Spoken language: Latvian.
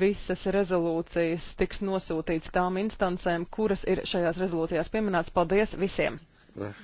visas rezolūcijas tiks nosūtīts tām instancēm, kuras ir šajās rezolūcijās pieminētas. Paldies visiem! Ne.